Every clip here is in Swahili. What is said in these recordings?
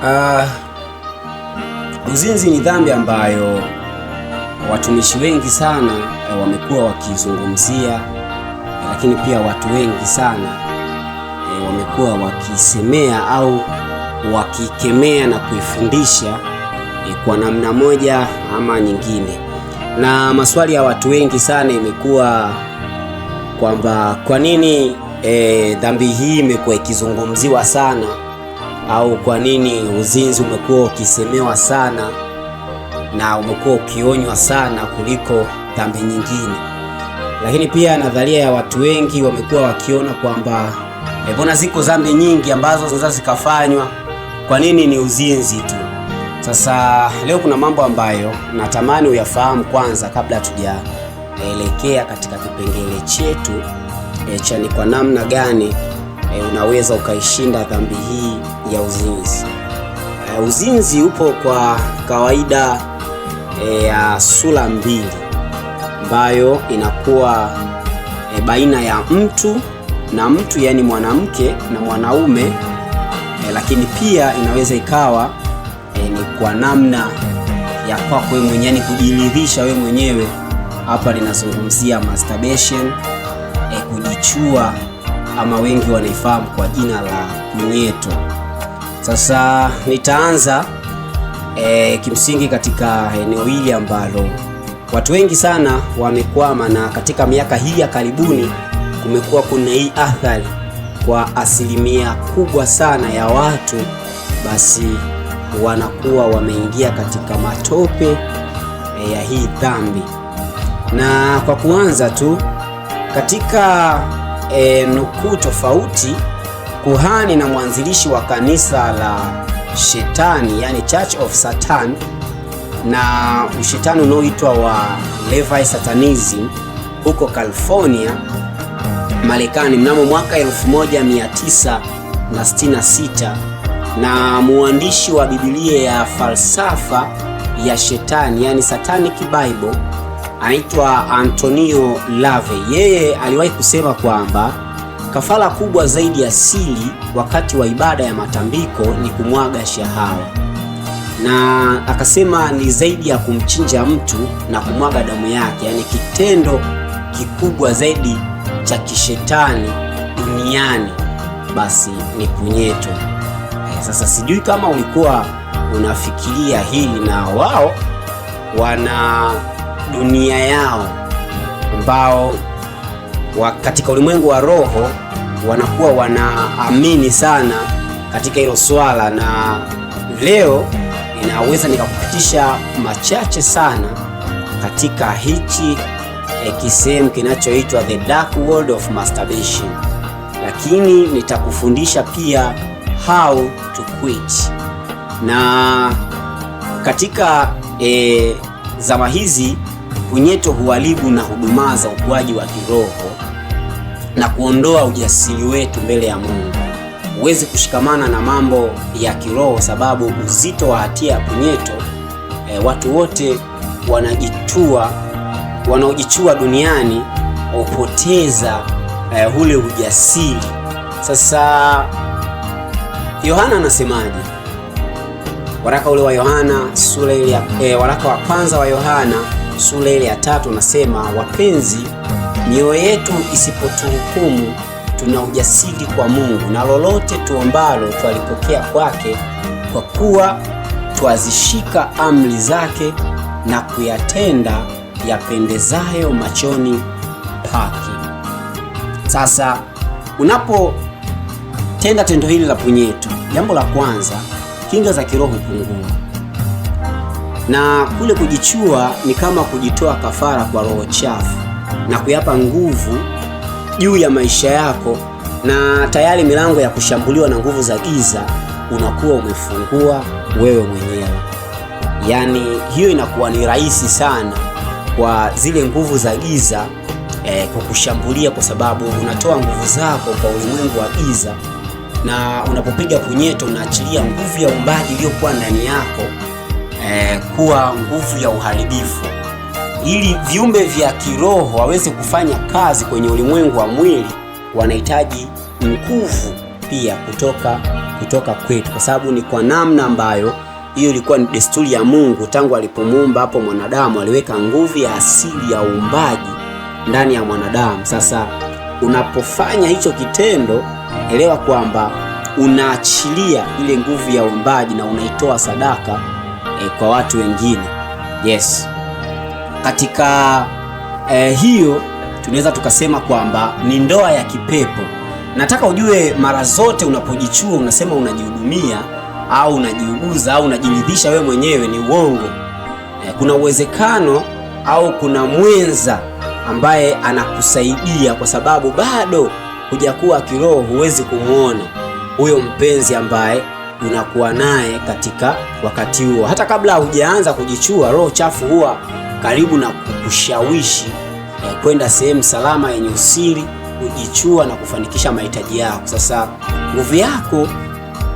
Uh, ah, uzinzi ni dhambi ambayo watumishi wengi sana wamekuwa wakizungumzia, lakini pia watu wengi sana eh, wamekuwa wakisemea au wakikemea na kuifundisha eh, kwa namna moja ama nyingine, na maswali ya watu wengi sana imekuwa kwamba kwa nini e, dhambi hii imekuwa ikizungumziwa sana au kwa nini uzinzi umekuwa ukisemewa sana na umekuwa ukionywa sana kuliko dhambi nyingine. Lakini pia nadharia ya watu wengi wamekuwa wakiona kwamba eh, mbona ziko dhambi nyingi ambazo zinaweza zikafanywa, kwa nini ni uzinzi tu? Sasa leo kuna mambo ambayo natamani uyafahamu kwanza kabla hatujaelekea katika kipengele chetu e, cha ni kwa namna gani e, unaweza ukaishinda dhambi hii ya uzinzi. Uh, uzinzi upo kwa kawaida eh, ya uh, sura mbili ambayo inakuwa uh, baina ya mtu na mtu, yani mwanamke na mwanaume uh, lakini pia inaweza ikawa uh, ni kwa namna ya kwako wewe mwenyewe, yani kujiridhisha wewe mwenyewe. Hapa linazungumzia masturbation eh, kujichua ama wengi wanaifahamu kwa jina la kunyeto. Sasa nitaanza e, kimsingi katika eneo hili ambalo watu wengi sana wamekwama, na katika miaka hii ya karibuni kumekuwa kuna hii athari kwa asilimia kubwa sana ya watu, basi wanakuwa wameingia katika matope e, ya hii dhambi. Na kwa kuanza tu katika e, nukuu tofauti kuhani na mwanzilishi wa kanisa la Shetani, yani Church of Satan, na ushetani unaoitwa wa Levi Satanism huko California, Marekani mnamo mwaka 1966 na mwandishi wa Biblia ya falsafa ya shetani yani Satanic Bible anaitwa Antonio Lavey. Yeye aliwahi kusema kwamba Kafara kubwa zaidi ya sili wakati wa ibada ya matambiko ni kumwaga shahawa, na akasema ni zaidi ya kumchinja mtu na kumwaga damu yake, yaani kitendo kikubwa zaidi cha kishetani duniani basi ni punyeto. Eh, sasa sijui kama ulikuwa unafikiria hili, na wao wana dunia yao ambao wa, katika ulimwengu wa roho wanakuwa wanaamini sana katika hilo swala, na leo inaweza nikakupitisha machache sana katika hichi e, kisehemu kinachoitwa the dark world of masturbation, lakini nitakufundisha pia how to quit. Na katika e, zama hizi kunyeto huharibu na hudumaza ukuaji wa kiroho na kuondoa ujasiri wetu mbele ya Mungu. Huwezi kushikamana na mambo ya kiroho, sababu uzito wa hatia ya punyeto e, eh, watu wote wanajitua wanaojichua duniani hupoteza e, ule ujasiri. Sasa Yohana anasemaje? Waraka ule wa Yohana sura ile ya e, waraka wa kwanza wa Yohana sura ile ya tatu unasema, wapenzi Mioyo yetu isipotuhukumu, tuna ujasiri kwa Mungu, na lolote tuombalo twalipokea kwake, kwa kuwa twazishika amri zake na kuyatenda yapendezayo machoni pake. Sasa unapotenda tendo hili la punyeto, jambo la kwanza, kinga za kiroho pungua, na kule kujichua ni kama kujitoa kafara kwa roho chafu na kuyapa nguvu juu ya maisha yako, na tayari milango ya kushambuliwa na nguvu za giza unakuwa umefungua wewe mwenyewe. Yaani hiyo inakuwa ni rahisi sana kwa zile nguvu za giza eh, kukushambulia kwa sababu unatoa nguvu zako kwa ulimwengu wa giza, na unapopiga kunyeto unaachilia nguvu ya umbaji iliyokuwa ndani yako eh, kuwa nguvu ya uharibifu ili viumbe vya kiroho waweze kufanya kazi kwenye ulimwengu wa mwili, wanahitaji nguvu pia kutoka kutoka kwetu, kwa sababu ni kwa namna ambayo hiyo ilikuwa ni desturi ya Mungu tangu alipomuumba hapo mwanadamu, aliweka nguvu ya asili ya uumbaji ndani ya mwanadamu. Sasa unapofanya hicho kitendo, elewa kwamba unaachilia ile nguvu ya uumbaji na unaitoa sadaka eh, kwa watu wengine. Yes. Katika eh, hiyo tunaweza tukasema kwamba ni ndoa ya kipepo. Nataka ujue mara zote unapojichua unasema unajihudumia au unajiuguza au unajiridhisha we mwenyewe ni uongo. Eh, kuna uwezekano au kuna mwenza ambaye anakusaidia kwa sababu bado hujakuwa kiroho, huwezi kumwona huyo mpenzi ambaye unakuwa naye katika wakati huo. Hata kabla hujaanza kujichua, roho chafu huwa karibu na kukushawishi eh, kwenda sehemu salama yenye usiri, kujichua na kufanikisha mahitaji yako. Sasa nguvu yako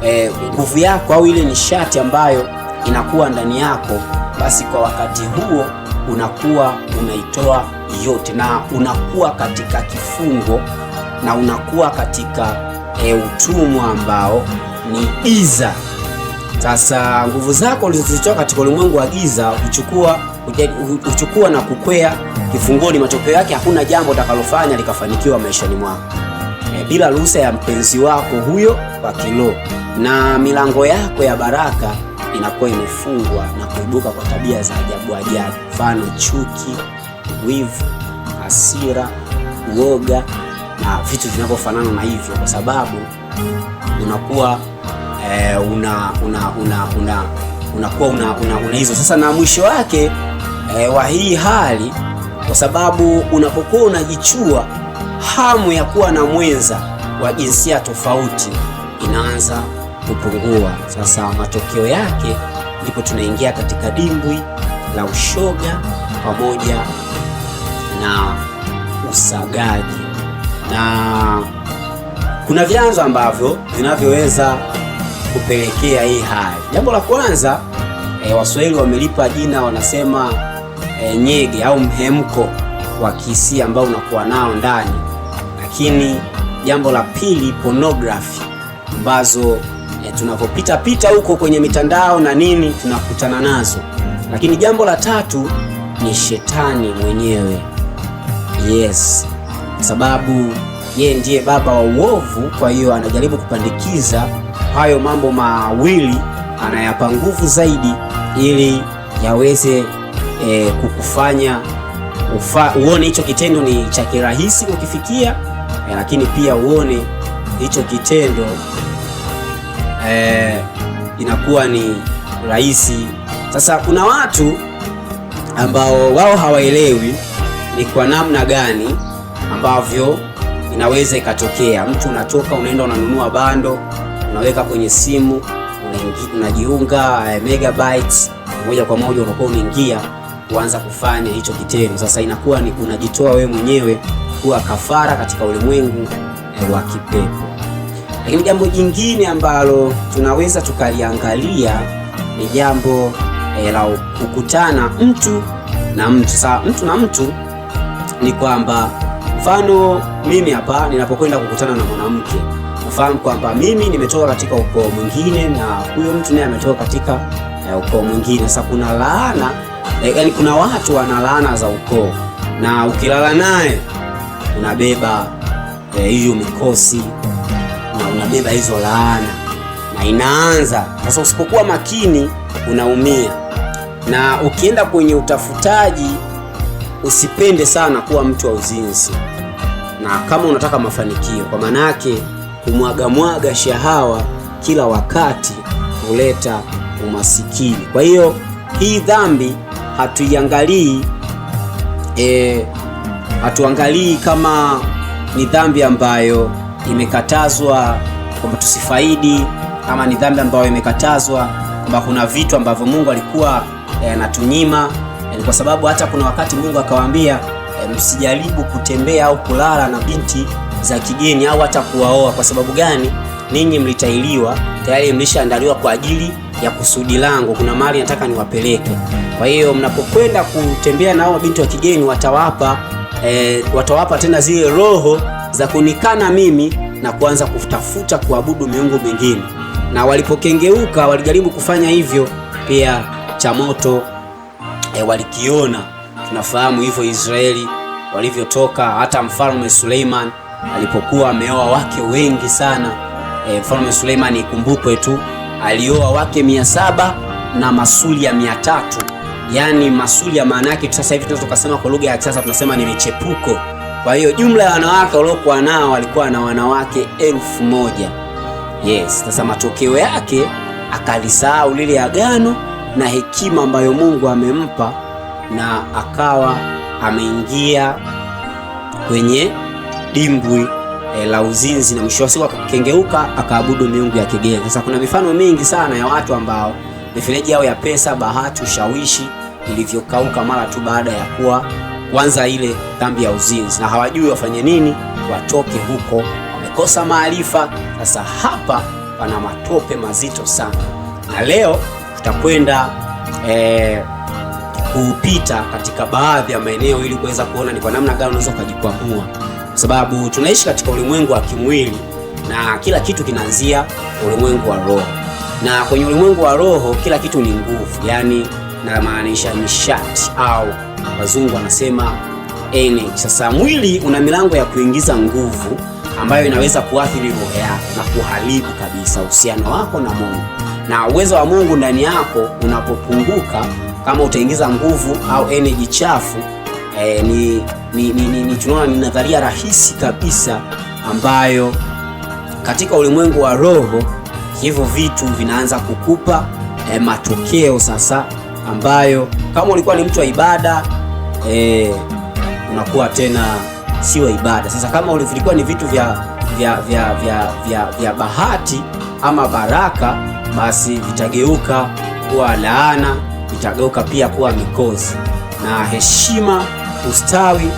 eh, nguvu eh, yako au ile nishati ambayo inakuwa ndani yako, basi kwa wakati huo unakuwa unaitoa yote na unakuwa katika kifungo na unakuwa katika eh, utumwa ambao ni giza. Sasa nguvu zako ulizozitoa katika ulimwengu wa giza uchukua, uchukua na kukwea kifungoni. Matokeo yake hakuna jambo utakalofanya likafanikiwa maishani mwako e, bila ruhusa ya mpenzi wako huyo wa kiroho, na milango yako ya baraka inakuwa imefungwa na kuibuka kwa tabia za ajabu ajabu, mfano chuki, wivu, hasira, uoga na vitu vinavyofanana na hivyo, kwa sababu unakuwa eh, una una una una unakuwa una, una, una hizo sasa, na mwisho wake eh, wa hii hali, kwa sababu unapokuwa unajichua hamu ya kuwa na mwenza wa jinsia tofauti inaanza kupungua. Sasa matokeo yake ndipo tunaingia katika dimbwi la ushoga pamoja na usagaji, na kuna vyanzo ambavyo vinavyoweza kupelekea hii hali. Jambo la kwanza e, Waswahili wamelipa jina wanasema e, nyege au mhemko wa kihisia ambao unakuwa nao ndani. Lakini jambo la pili, pornography ambazo e, tunavyopita pita huko kwenye mitandao na nini tunakutana nazo. Lakini jambo la tatu ni shetani mwenyewe. Yes, sababu yeye ndiye baba wa uovu, kwa hiyo anajaribu kupandikiza hayo mambo mawili anayapa nguvu zaidi, ili yaweze e, kukufanya ufa, uone hicho kitendo ni cha kirahisi kukifikia, eh, lakini pia uone hicho kitendo e, inakuwa ni rahisi. Sasa kuna watu ambao wao hawaelewi ni kwa namna gani ambavyo inaweza ikatokea. Mtu unatoka unaenda unanunua bando unaweka kwenye simu, unajiunga eh, megabytes moja kwa moja, unakuwa unaingia kuanza kufanya hicho kitendo. Sasa inakuwa ni unajitoa wewe mwenyewe kuwa kafara katika ulimwengu eh, wa kipepo. Lakini jambo jingine ambalo tunaweza tukaliangalia ni jambo eh, la kukutana mtu na mtu. Sasa mtu na mtu ni kwamba mfano mimi hapa ninapokwenda kukutana na mwanamke kufahamu kwamba mimi nimetoka katika ukoo mwingine na huyo mtu naye ametoka katika eh, ukoo mwingine. Sasa kuna laana, eh, yani kuna watu wana laana za ukoo, na ukilala naye unabeba eh, hiyo eh, mikosi na unabeba hizo laana na inaanza sasa. Usipokuwa makini unaumia, na ukienda kwenye utafutaji usipende sana kuwa mtu wa uzinzi, na kama unataka mafanikio, kwa maana yake kumwagamwaga shahawa kila wakati huleta umasikini. Kwa hiyo hii dhambi hatuiangalii e, hatuangalii kama ni dhambi ambayo imekatazwa kwamba tusifaidi ama ni dhambi ambayo imekatazwa kwamba kuna vitu ambavyo Mungu alikuwa e, anatunyima e, e, kwa sababu hata kuna wakati Mungu akawaambia e, msijaribu kutembea au kulala na binti za kigeni au hata kuwaoa. Kwa sababu gani? Ninyi mlitahiriwa tayari, mlishaandaliwa kwa ajili ya kusudi langu. Kuna mali nataka niwapeleke. Kwa hiyo mnapokwenda kutembea na hao binti wa kigeni, watawapa e, watawapa tena zile roho za kunikana mimi na kuanza kutafuta kuabudu miungu mingine. Na walipokengeuka walijaribu kufanya hivyo pia, cha moto e, walikiona. Tunafahamu hivyo Israeli walivyotoka, hata mfalme Suleiman alipokuwa ameoa wake wengi sana. E, Mfalme Suleiman ikumbukwe tu alioa wake mia saba na masulia mia tatu yaani masulia maana yake sasa hivi tunaweza tukasema kwa lugha ya kisasa tunasema ni michepuko. Kwa hiyo jumla ya wanawake waliokuwa nao walikuwa na wanawake elfu moja. Yes, sasa matokeo yake akalisahau lile agano na hekima ambayo Mungu amempa na akawa ameingia kwenye dimbwi e, la uzinzi na mwisho wa siku akakengeuka akaabudu miungu ya kigeni. Sasa kuna mifano mingi sana ya watu ambao mifereji yao ya pesa, bahati, ushawishi ilivyokauka mara tu baada ya kuwa kwanza ile dhambi ya uzinzi, na hawajui wafanye nini watoke huko, wamekosa maarifa. Sasa hapa pana matope mazito sana, na leo tutakwenda e, eh, kupita katika baadhi ya maeneo ili kuweza kuona ni kwa namna gani unaweza ukajikwamua sababu tunaishi katika ulimwengu wa kimwili na kila kitu kinaanzia ulimwengu wa roho, na kwenye ulimwengu wa roho kila kitu ni nguvu, yani namaanisha nishati au wazungu wanasema energy. Sasa mwili una milango ya kuingiza nguvu ambayo inaweza kuathiri roho yako na kuharibu kabisa uhusiano wako na Mungu na uwezo wa Mungu ndani yako unapopunguka, kama utaingiza nguvu au energy chafu eh, ni, ni, ni, ni, ni tunaona ni nadharia rahisi kabisa ambayo katika ulimwengu wa roho hivyo vitu vinaanza kukupa eh, matokeo sasa ambayo kama ulikuwa ni mtu wa ibada eh, unakuwa tena sio ibada sasa. Kama vilikuwa ni vitu vya, vya, vya, vya, vya, vya bahati ama baraka, basi vitageuka kuwa laana, vitageuka pia kuwa mikosi na heshima ustawi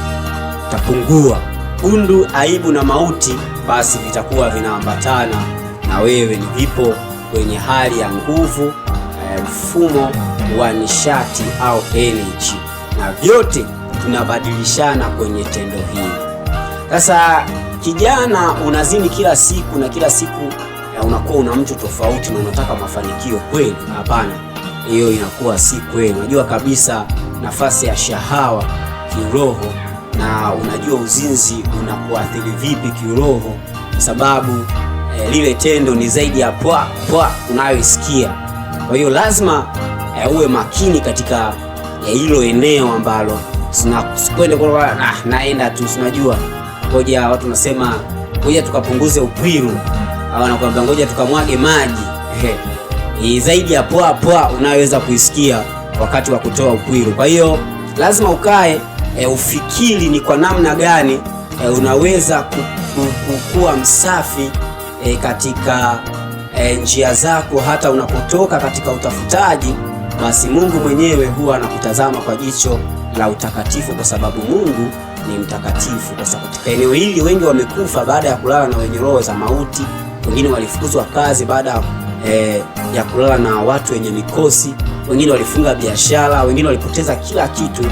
utapungua, gundu, aibu na mauti basi vitakuwa vinaambatana na wewe. Ni vipo kwenye hali ya nguvu, eh, mfumo wa nishati au energy, na vyote tunabadilishana kwenye tendo hili. Sasa kijana, unazini kila siku na kila siku eh, unakuwa una mtu tofauti na unataka mafanikio kweli? Hapana, hiyo inakuwa si kweli. Unajua kabisa nafasi ya shahawa kiroho na unajua uzinzi unakuathiri vipi kiroho, kwa sababu e, lile tendo ni zaidi ya pwa pwa unayoisikia. Kwa hiyo lazima e, uwe makini katika eh, hilo eh, eneo ambalo sikwende kwa na, ah, naenda tu unajua ngoja watu nasema, ngoja tukapunguze upwiru au ngoja tukamwage maji e, zaidi ya pwa pwa unayoweza kuisikia wakati wa kutoa upwiru Kwa hiyo lazima ukae e, ufikiri ni kwa namna gani e, unaweza kukuwa msafi e, katika e, njia zako hata unapotoka katika utafutaji, basi Mungu mwenyewe huwa anakutazama kwa jicho la utakatifu, kwa sababu Mungu ni mtakatifu. Kwa sababu katika eneo hili wengi wamekufa baada ya kulala na wenye roho za mauti, wengine walifukuzwa kazi baada e, ya kulala na watu wenye mikosi, wengine walifunga biashara, wengine walipoteza kila kitu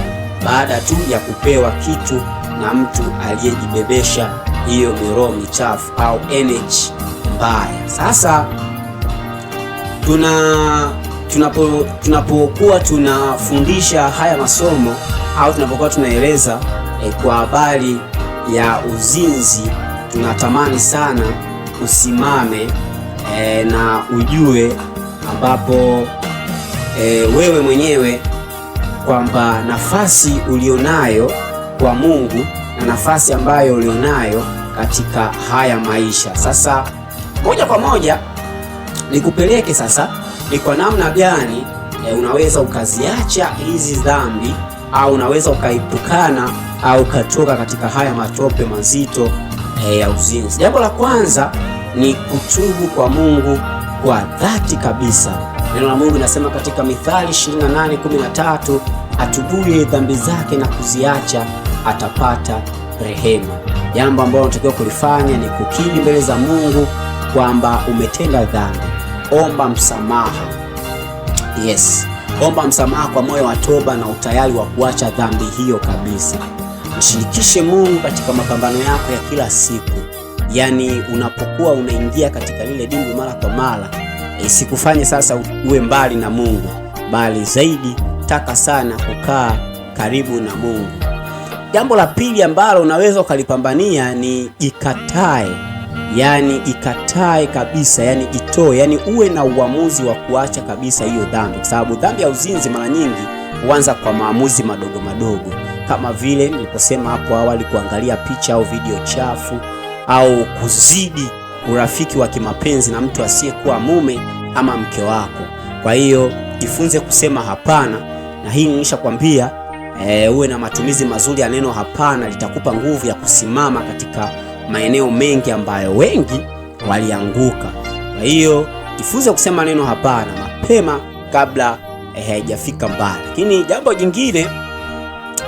baada tu ya kupewa kitu na mtu aliyejibebesha hiyo miroho michafu au energy mbaya. Sasa tuna tunapo tunapokuwa tunafundisha haya masomo au tunapokuwa tunaeleza e, kwa habari ya uzinzi, tunatamani sana usimame e, na ujue ambapo e, wewe mwenyewe kwamba nafasi ulionayo kwa Mungu na nafasi ambayo ulionayo katika haya maisha. Sasa moja kwa moja nikupeleke sasa, ni kwa namna gani eh, unaweza ukaziacha hizi dhambi au unaweza ukaipukana au ukatoka katika haya matope mazito eh, ya uzinzi. Jambo la kwanza ni kutubu kwa Mungu kwa dhati kabisa. Neno la Mungu linasema katika Mithali 28:13, atubuye dhambi zake na kuziacha atapata rehema. Jambo ambalo unatakiwa kulifanya ni kukiri mbele za Mungu kwamba umetenda dhambi. Omba msamaha. Yes, omba msamaha kwa moyo wa toba na utayari wa kuacha dhambi hiyo kabisa. Mshirikishe Mungu katika mapambano yako ya kila siku, yaani unapokuwa unaingia katika lile dimbwi mara kwa mara isikufanye sasa uwe mbali na Mungu, bali zaidi taka sana kukaa karibu na Mungu. Jambo la pili ambalo unaweza ukalipambania ni jikatae, yani ikatae kabisa, yani jitoe, yani uwe na uamuzi wa kuacha kabisa hiyo dhambi, kwa sababu dhambi ya uzinzi mara nyingi huanza kwa maamuzi madogo madogo, kama vile niliposema hapo awali, kuangalia picha au video chafu au kuzidi urafiki wa kimapenzi na mtu asiyekuwa mume ama mke wako. Kwa hiyo jifunze kusema hapana, na hii nimeshakwambia e, eh, uwe na matumizi mazuri ya neno hapana, litakupa nguvu ya kusimama katika maeneo mengi ambayo wengi walianguka. Kwa hiyo jifunze kusema neno hapana mapema kabla eh, haijafika e, mbali. Lakini jambo jingine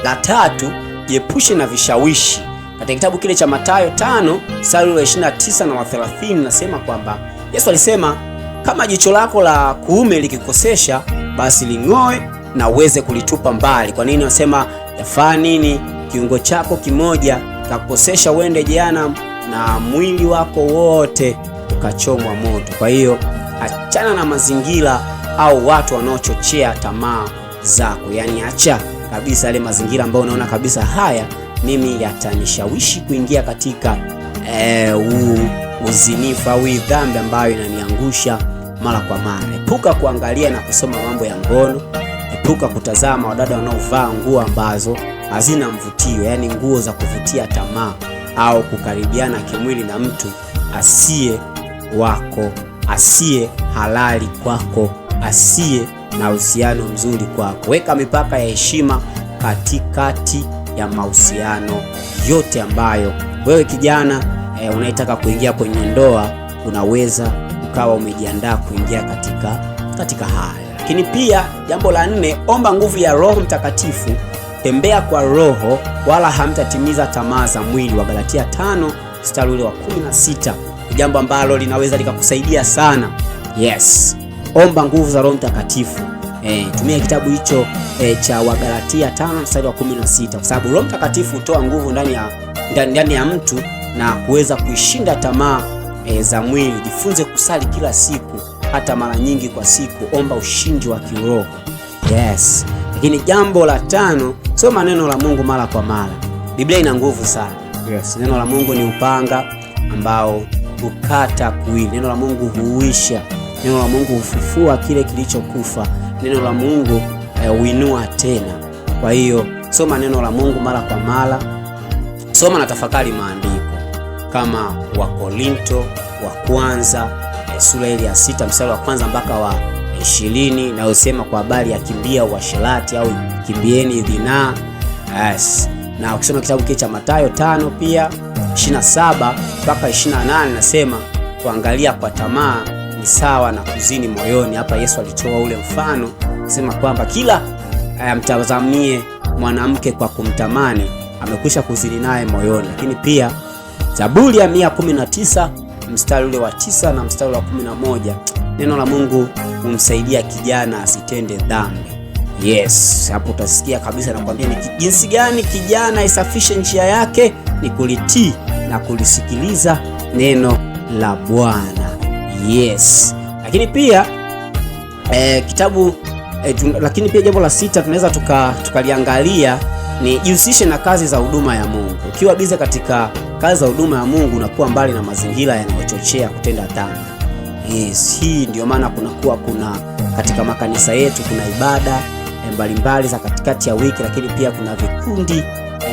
la tatu, jiepushe na vishawishi katika kitabu kile cha Mathayo tano sura ya 29 na 30 nasema kwamba Yesu alisema, kama jicho lako la kuume likikosesha, basi ling'oe na uweze kulitupa mbali. Kwa nini? Anasema yafaa nini kiungo chako kimoja kakukosesha uende jehanamu na mwili wako wote ukachomwa moto. Kwa hiyo achana na mazingira au watu wanaochochea tamaa zako, yaani acha kabisa yale mazingira ambayo unaona kabisa haya mimi yatanishawishi kuingia katika huu eh, u, uzinifu au dhambi ambayo inaniangusha mara kwa mara. Epuka kuangalia na kusoma mambo ya ngono. Epuka kutazama wadada wanaovaa nguo ambazo hazina mvutio, yaani nguo za kuvutia tamaa au kukaribiana kimwili na mtu asiye wako, asiye halali kwako, asiye na uhusiano mzuri kwako. Weka mipaka ya heshima katikati ya mahusiano yote ambayo wewe kijana e, unaitaka kuingia kwenye ndoa unaweza ukawa umejiandaa kuingia katika, katika haya. Lakini pia jambo la nne, omba nguvu ya Roho Mtakatifu, tembea kwa Roho wala hamtatimiza tamaa za mwili, wa Galatia tano mstari ule wa 16. Ni jambo ambalo linaweza likakusaidia sana. Yes, omba nguvu za Roho Mtakatifu. Eh, tumia kitabu hicho eh, cha Wagalatia 5 mstari wa 16 kwa sababu Roho Mtakatifu hutoa nguvu ndani ya, ndani, ndani ya mtu na kuweza kuishinda tamaa eh, za mwili. Jifunze kusali kila siku hata mara nyingi kwa siku, omba ushindi wa kiroho. Yes. Lakini jambo la tano, soma neno la Mungu mara kwa mara. Biblia ina nguvu sana. Yes. Neno la Mungu ni upanga ambao hukata kuwili. Neno la Mungu huuisha. Neno la Mungu hufufua kile kilichokufa neno la Mungu eh, huinua eh, tena. Kwa hiyo soma neno la Mungu mara kwa mara, soma na tafakari maandiko kama Wakorinto wa kwanza eh, sura ile ya sita mstari wa kwanza mpaka wa ishirini eh, nayosema kwa habari ya kimbia uasherati au kimbieni dhinaa yes. Na ukisoma kitabu kile cha Mathayo tano pia 27 mpaka 28 nasema kuangalia kwa tamaa ni sawa na kuzini moyoni. Hapa Yesu alitoa ule mfano kusema kwamba kila eh, amtazamie mwanamke kwa kumtamani amekwisha kuzini naye moyoni. Lakini pia Zaburi ya 119 mstari ule wa tisa na mstari wa 11 neno la Mungu humsaidia kijana asitende dhambi. Yes, hapo utasikia kabisa, nakwambia ni jinsi gani kijana isafishe njia yake, ni kulitii na kulisikiliza neno la Bwana. Yes. Lakini pia e, kitabu e, tun, lakini pia jambo la sita tunaweza tukaliangalia tuka ni jihusishe na kazi za huduma ya Mungu. Ukiwa bize katika kazi za huduma ya Mungu unakuwa mbali na mazingira yanayochochea kutenda dhambi. Yes, hii ndio maana kunakuwa kuna katika makanisa yetu kuna ibada eh, mbalimbali za katikati ya wiki, lakini pia kuna vikundi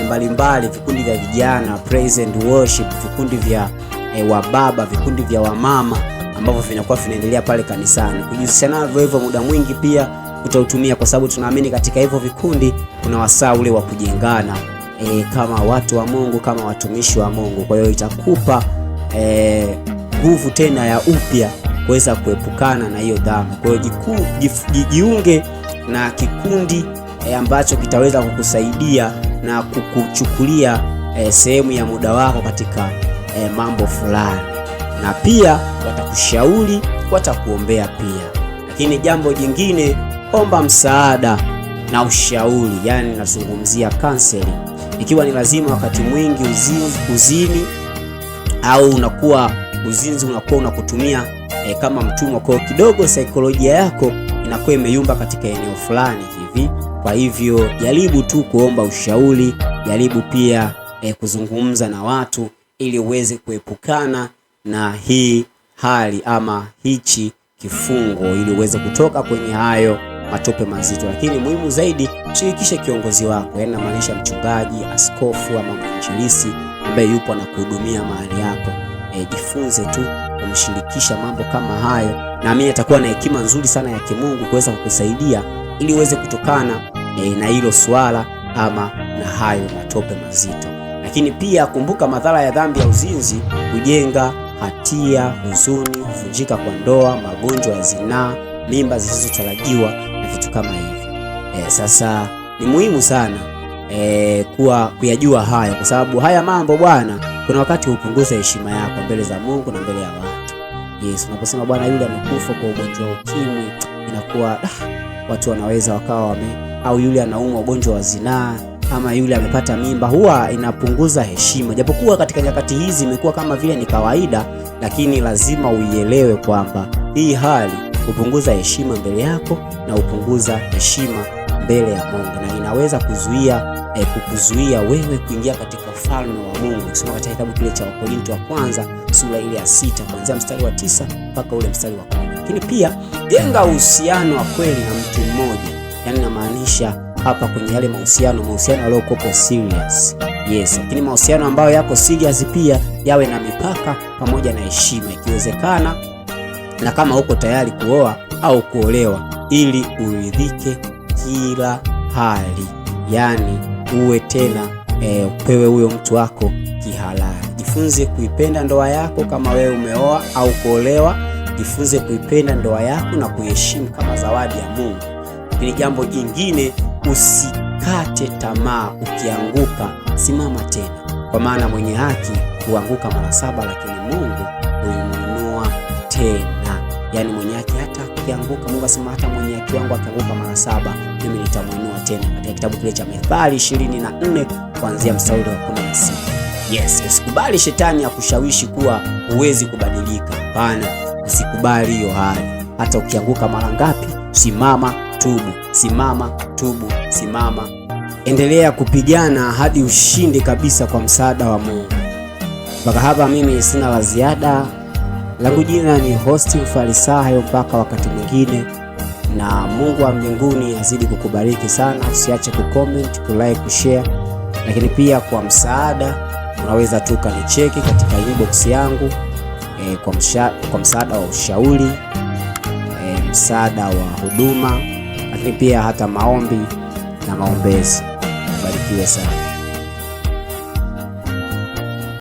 mbalimbali, vikundi vya vijana praise and worship, vikundi vya e, wababa, vikundi vya wamama ambavyo vinakuwa vinaendelea pale kanisani. Kujihusisha navyo hivyo, muda mwingi pia utautumia, kwa sababu tunaamini katika hivyo vikundi kuna wasaa ule wa kujengana e, kama watu wa Mungu, kama watumishi wa Mungu. Kwa hiyo itakupa e, nguvu e, tena ya upya kuweza kuepukana na hiyo dhambi. Kwa hiyo jiunge na kikundi e, ambacho kitaweza kukusaidia na kukuchukulia e, sehemu ya muda wako katika e, mambo fulani na pia watakushauri, watakuombea pia. Lakini jambo jingine, omba msaada na ushauri, yani nazungumzia kanseli. Ikiwa ni lazima, wakati mwingi uzini, uzini au unakuwa uzinzi unakuwa unakutumia e, kama mtumwa. Kwa kidogo saikolojia yako inakuwa imeyumba katika eneo fulani hivi. Kwa hivyo jaribu tu kuomba ushauri, jaribu pia e, kuzungumza na watu ili uweze kuepukana na hii hali ama hichi kifungo ili uweze kutoka kwenye hayo matope mazito. Lakini muhimu zaidi, shirikisha kiongozi wako, yaani namaanisha mchungaji, askofu ama mwinjilisi ambaye yupo anakuhudumia mahali yako. E, jifunze tu kumshirikisha mambo kama hayo, naamini atakuwa na hekima nzuri sana ya kimungu kuweza kukusaidia ili uweze kutokana e, na hilo swala ama na hayo matope mazito. Lakini pia kumbuka, madhara ya dhambi ya uzinzi kujenga hatia, huzuni, kuvunjika kwa ndoa, magonjwa ya zinaa, mimba zisizotarajiwa na vitu kama hivyo. E, sasa ni muhimu sana e, kuwa kuyajua haya, kwa sababu haya mambo bwana, kuna wakati hupunguza heshima yako mbele za Mungu na mbele ya watu. Yes, unaposema bwana yule amekufa kwa ugonjwa wa ukimwi, inakuwa ah, watu wanaweza wakawa wame au yule anaumwa ugonjwa wa zinaa ama yule amepata mimba, huwa inapunguza heshima. Japokuwa katika nyakati hizi imekuwa kama vile ni kawaida, lakini lazima uielewe kwamba hii hali hupunguza heshima mbele yako na hupunguza heshima mbele ya Mungu na inaweza kuzuia eh, kukuzuia wewe kuingia katika ufalme wa Mungu. Ukisoma katika kitabu kile cha Wakorintho wa kwanza sura ile ya sita kuanzia mstari wa tisa mpaka ule mstari wa kumi. Lakini pia jenga uhusiano wa kweli na mtu mmoja, yani namaanisha hapa kwenye yale mahusiano, mahusiano yaliyokuwa serious yes, lakini mahusiano ambayo yako serious pia yawe na mipaka pamoja na heshima ikiwezekana, na kama uko tayari kuoa au kuolewa, ili uridhike kila hali, yaani uwe tena e, upewe huyo mtu wako kihalali. Jifunze kuipenda ndoa yako kama wewe umeoa au kuolewa. Jifunze kuipenda ndoa yako na kuiheshimu kama zawadi ya Mungu. Lakini jambo jingine usikate tamaa, ukianguka simama tena, kwa maana mwenye haki huanguka mara saba, lakini Mungu huinuinua tena. Yaani mwenye haki hata akianguka, Mungu asema hata mwenye haki wangu akianguka mara saba, mimi nitamuinua tena, katika kitabu kile cha Methali 24 kuanzia mstari wa 16. Yes, usikubali shetani akushawishi kuwa huwezi kubadilika. Hapana, usikubali hiyo hali. Hata ukianguka mara ngapi, simama tubu, simama, tubu, simama. Endelea kupigana hadi ushinde kabisa kwa msaada wa Mungu. Mpaka hapa mimi sina la ziada, langu jina ni hosti Mfarisayo. Mpaka wakati mwingine, na Mungu wa mbinguni azidi kukubariki sana. Usiache kucomment, kulike, kushare, lakini pia kwa msaada unaweza tu kanicheki katika inbox yangu e, kwa, msha, kwa msaada wa ushauri e, msaada wa huduma lakini pia hata maombi na maombezi. Ubarikiwe sana.